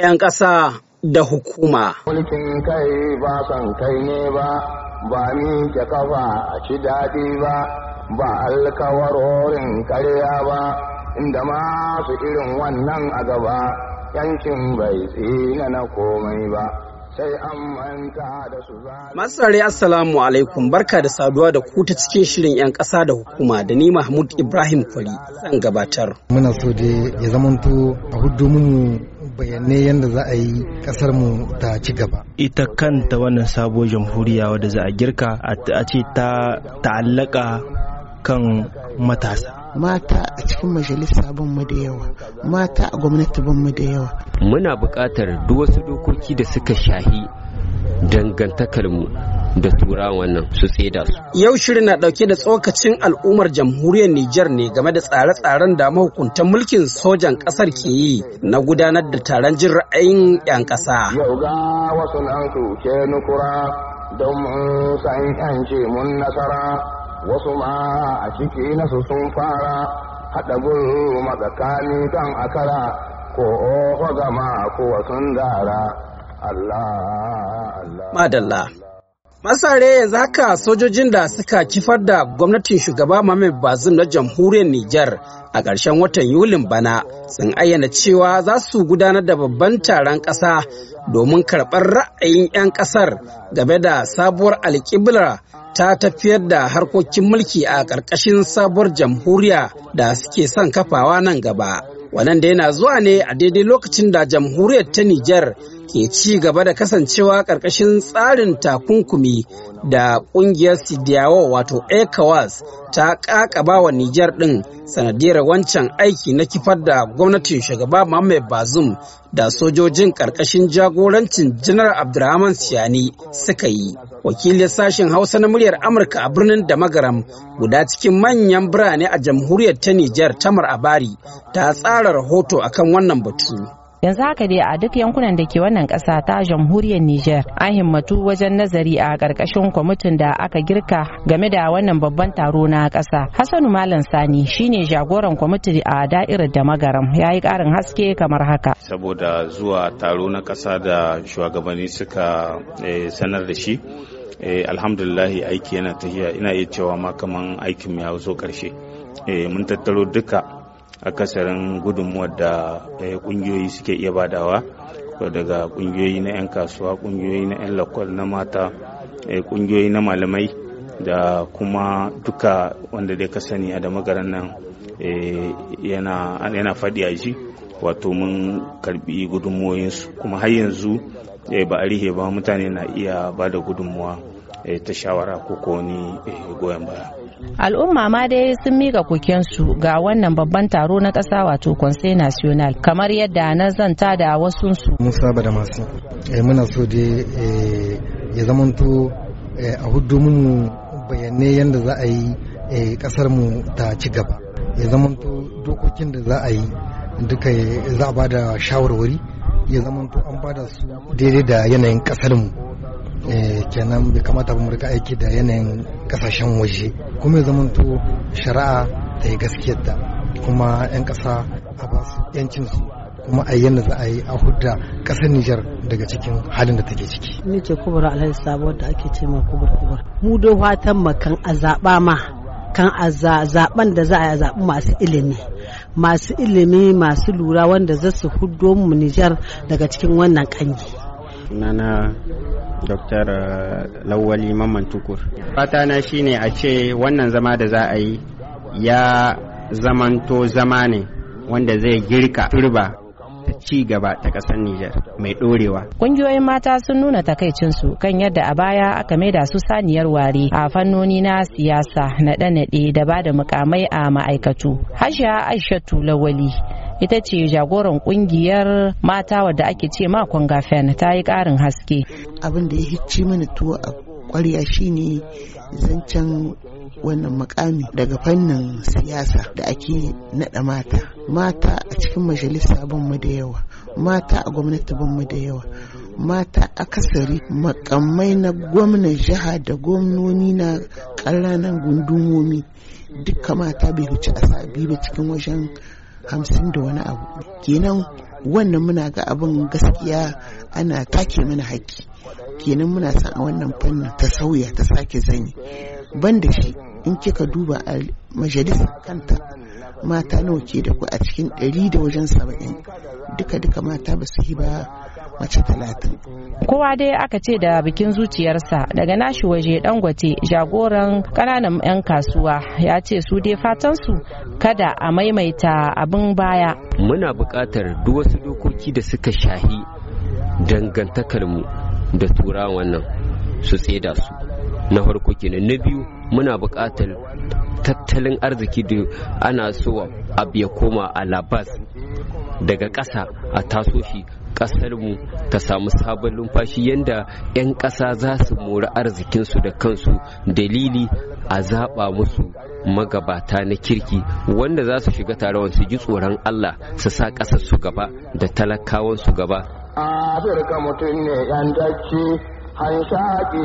'yan ƙasa da hukuma. Mulkin kai ba son kai ne ba, ba ni ke kafa a ci daɗi ba, ba alkawarorin karya ba, inda masu irin wannan a gaba, yankin bai tsina na komai ba. Masarari Assalamu alaikum barka da saduwa da ku ta cikin shirin 'yan ƙasa da hukuma da ni Mahmud Ibrahim Kwari zan gabatar. Muna so da ya zamanto a hudu mu bayanai yadda za a yi kasar mu ta ci gaba ita kanta wannan sabuwar jamhuriya wadda za a girka a ce ta ta'allaka kan matasa mata a cikin majalisa ban mu da yawa mata a gwamnati ban mu da yawa muna buƙatar duk wasu dokoki da suka shahi dangantakar mu da turawan nan su tseda su yau shirin na dauke da tsokacin al'ummar jamhuriyar Nijar ne game da tsare-tsaren da mahukuntan mulkin sojan kasar ke yi na gudanar da taron jin ra'ayin 'yan kasa yau ga wasu nan ke nukura don mun san 'yanci mun nasara wasu ma a ciki nasu sun fara haɗa gulu matsakani kan akara ko oho gama ko sun dara Allah Allah Madalla Masare yanzu haka sojojin da suka kifar da gwamnatin shugaba Mohamed Bazum na jamhuriyar Nijar a ƙarshen watan Yulin bana sun ayyana cewa za su gudanar da babban taron ƙasa domin karɓar ra'ayin 'yan ƙasar game da sabuwar alƙiblar ta tafiyar da harkokin mulki a ƙarƙashin sabuwar jamhuriya da suke son kafawa nan gaba. Wannan da yana zuwa ne a daidai lokacin da jamhuriyar ta Nijar ke ci gaba da kasancewa ƙarƙashin tsarin takunkumi da ƙungiyar Sidiyawa wato ECOWAS ta ƙaƙaba wa Nijar ɗin sanadiyar wancan aiki na kifar da gwamnatin shugaba Mohamed Bazoum da sojojin ƙarƙashin jagorancin Janar Abdurrahman Siyani suka yi. wakilin sashen hausa na muryar amurka a birnin damagaram guda cikin manyan birane a jamhuriyar ta nijar tamar abari ta tsara rahoto akan wannan batu yanzu haka dai a duk yankunan da ke wannan ƙasa ta jamhuriyar Nijar an himmatu wajen nazari a ƙarƙashin kwamitin da aka girka game da wannan babban taro na ƙasa. Hassanu Malam Sani shine jagoran kwamiti a da'irar da magaram ya yi ƙarin haske kamar haka. Saboda zuwa taro na ƙasa da shugabanni suka eh, sanar da shi eh, alhamdulillahi aiki yana tafiya ina iya cewa ma kaman aikin ya zo karshe eh, mun tattaro duka akasarin gudunmuwar da kungiyoyi eh, suke iya badawa daga kungiyoyi na 'yan kasuwa kungiyoyi na 'yan lakwal na mata kungiyoyi eh, na malamai da kuma duka wanda dai ka sani a da magaran nan eh, yana faɗi a shi wato mun karbi gudunmuwoyinsu kuma har yanzu Eh, ba a rihe ba mutane na iya ba da gudunmuwa eh, ta shawara ko eh, goyon baya al'umma ma dai sun mika kokensu ga wannan babban taro na ƙasa wato conseil national kamar yadda na zanta da wasu su mun saba da masu muna so dai ya zamanto a hudu mu bayanai yadda za a yi kasar mu ta ci gaba ya zamanto dokokin da za a yi duka za a ba da shawarwari ya zama to an da su daidai da yanayin kasar mu eh, kenan bai kamata ba mu aiki da yanayin kasashen waje kuma ya zama to shari'a ta yi gaskiyar ta kuma 'yan kasa a ba su su kuma a yi za a yi a hudda kasar Nijar daga cikin halin da take ciki. Ni ce kubura alhaji sabuwar da ake ce ma kubur kubur. Mu do fatan makan a zaɓa ma kan a zaɓen da za a zaɓi masu ilimi masu ilimi masu lura wanda za su hudo mu Nijar daga cikin wannan kanyi. Nana Dr. Uh, Lawali Mamman Tukur. Fata na shine a ce wannan zama da za a yi ya zamanto zama ne wanda zai girka turba ta ci gaba ta kasar Nijar mai ɗorewa. Ƙungiyoyin mata sun nuna takaicinsu kan yadda a baya aka maida su saniyar ware a fannoni na siyasa naɗe-naɗe da ba da mukamai a ma'aikatu. Hasha Aishatu Lawali ita ce jagoran kungiyar mata wadda ake ce ma kwangafen ta yi ƙarin haske. Abin da ya hicci mana tuwo a kwarya shine zancen wannan mukami daga fannin siyasa da ake naɗa mata mata a cikin majalisa mu da yawa mata a gwamnati mu da yawa mata akasari makamai na gwamnan jiha da gwamnoni na ƙananan gundumomi duka mata bai wuce a sabi ba cikin wajen hamsin da wani abu kenan wannan muna ga abin gaskiya ana take mana haƙƙi kenan muna son a wannan fannin ta sauya ta sake zani ban da shi in kika duba a majalisar kanta mata nawa ke da ku a cikin ɗari da wajen saba'in duka duka mata ba su ba mace talatin. Kowa dai aka ce da bikin zuciyarsa daga nashi waje dangote jagoran kananan 'yan kasuwa ya ce su dai fatan su kada a maimaita abin baya. Muna buƙatar duk wasu dokoki da suka shahi dangantakarmu da turawan nan su tseda su. na harko kenan na biyu muna buƙatar tattalin arziki da ana so abu ya koma a labas daga ƙasa a taso shi ƙasarmu ta samu sabon lumfashi yadda 'yan ƙasa za su mori arzikinsu da kansu dalili a zaɓa musu magabata na kirki wanda za su shiga taron su ji tsoron Allah su sa ƙasar su gaba da talakawan su gaba. Afirka ne hanshaƙi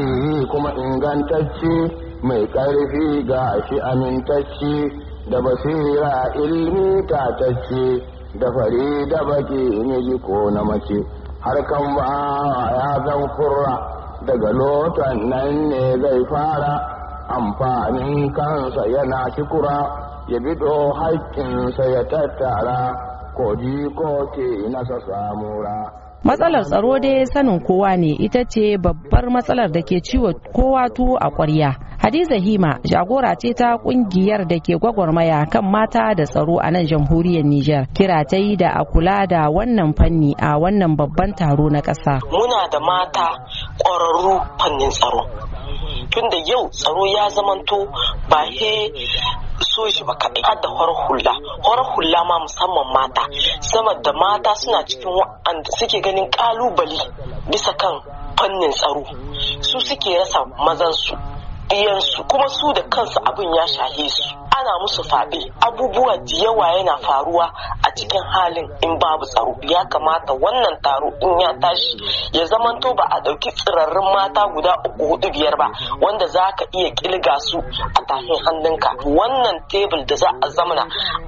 kuma ingantacci mai ƙarfi ga shi amintacci da basira ilmi tatacce da fari da baki miji ko na mace harkan ba ya zan kurra daga lotan nan ne zai fara amfanin kansa yana kikura ya bido haƙƙinsa ya tattara ko ji ko ke nasa samura. matsalar tsaro dai sanin kowa ne ita ce babbar matsalar da ke ciwo kowa tu a kwarya hadiza hima jagora ce ta kungiyar da ke gwagwarmaya kan mata da tsaro a nan jamhuriyar niger kira ta yi da a kula da wannan fanni a wannan babban taro na ƙasa muna da mata ƙwararru fannin tsaro tunda yau tsaro ya zamanto ba so shi ba kaɗai har da horar hula horar hula ma musamman mata sama da mata suna cikin wa'anda suke ganin ƙalubale bisa kan fannin tsaro su suke rasa mazansu biyansu kuma su da kansu abin ya shahe su ana musu faɗi abubuwa da yawa yana faruwa a cikin halin in babu tsaro ya kamata wannan taro in ya tashi ya zamanto ba a ɗauki tsirarrun mata guda uku hudu biyar ba wanda za ka iya ƙilga su a tafin hannunka wannan tebul da za a zamana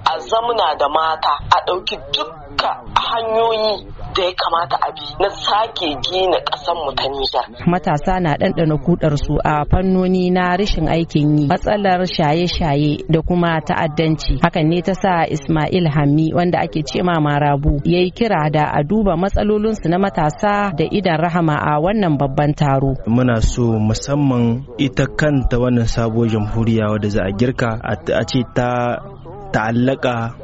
a zamana da mata a ɗauki duka hanyoyi da ya kamata a bi na sake gina ƙasar mu ta Nijar. Matasa na ɗanɗana kudar su a fannoni na rashin aikin yi, matsalar shaye-shaye da kuma ta'addanci. Hakan ne ta sa Ismail Hammi wanda ake ce ma Marabu ya yi kira da a duba matsalolinsu na matasa da idan rahama a wannan babban taro. Muna so musamman ita kanta wannan sabuwar jamhuriya wadda za a girka a ce ta ta'allaka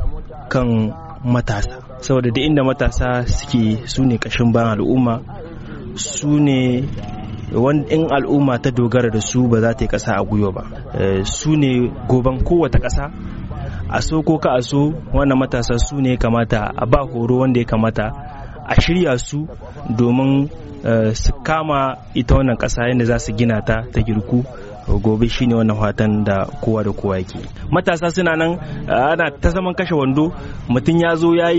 kan matasa. saboda da inda matasa suke su ne kashin bayan al'umma su ne in al'umma ta dogara da su ba za ta yi kasa a gwiwa ba eh, su ne goban kowata kasa a so ko ka a so wannan matasa su ne kamata a ba horo wanda ya kamata a shirya su domin eh, su kama ita wannan ƙasa yadda za su gina ta ta girku gobe shine wannan fatan da kowa da kowa yake matasa suna nan ah, ana ta zaman kashe wando mutum ya zo ya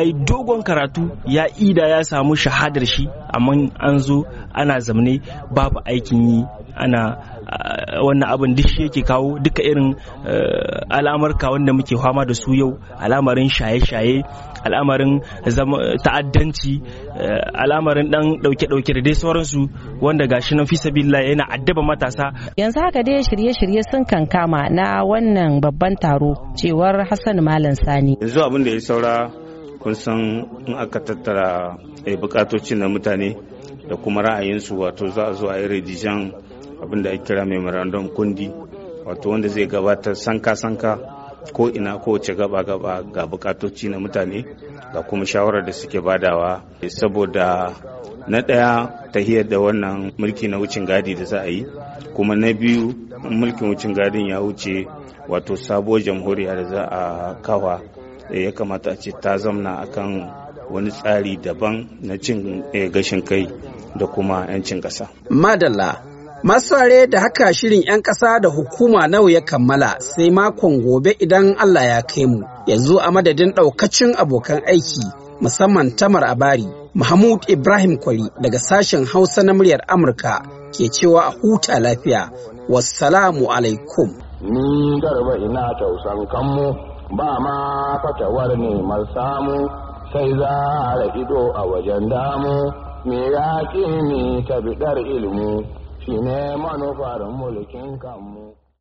yi dogon karatu ya ida ya samu shahadar shi amma an zo ana zamne babu aikin yi ana ah, wannan abin duk shi yake kawo duka irin eh, al'amarka wanda muke fama da su yau al'amarin shaye-shaye al'amarin ta'addanci eh, al'amarin dan dauke-dauke da dai sauransu wanda gashi nan fi yana addaba matasa yanzu haka dai shirye-shirye sun kankama na wannan babban taro cewar hassan malam sani yanzu abin da ya saura kun san in aka tattara a eh, bukatocin na mutane da kuma ra'ayinsu wato za a zo a yi dijan abin da ake kira memorandum kundi wato wanda zai gabatar sanka-sanka ko ina ko kowace gaba-gaba ga bukatoci na mutane ga kuma shawarar da suke badawa saboda na ɗaya tahiyar da wannan mulki na wucin gadi da za a yi kuma na biyu mulkin wucin gadin ya wuce wato sabuwar jamhuriya da za a kawa Eh, ya kamata a ce ta zamna a kan wani tsari daban na cin eh, gashin kai da kuma 'yancin ƙasa. Madalla, masare da haka shirin 'yan ƙasa da hukuma nawa ya kammala sai makon gobe idan Allah ya kai mu. Yanzu a madadin ɗaukacin abokan aiki musamman Tamar Abari, Mahmud Ibrahim Kwari daga sashen Hausa na muryar Amurka ke cewa a huta lafiya. Wassalamu alaikum. Ni garba ina tausan kanmu ba ma fatawar neman samu sai za a ido a wajen damu me ya ƙi ni ta bidar ilmu shi ne manufar mulkin kanmu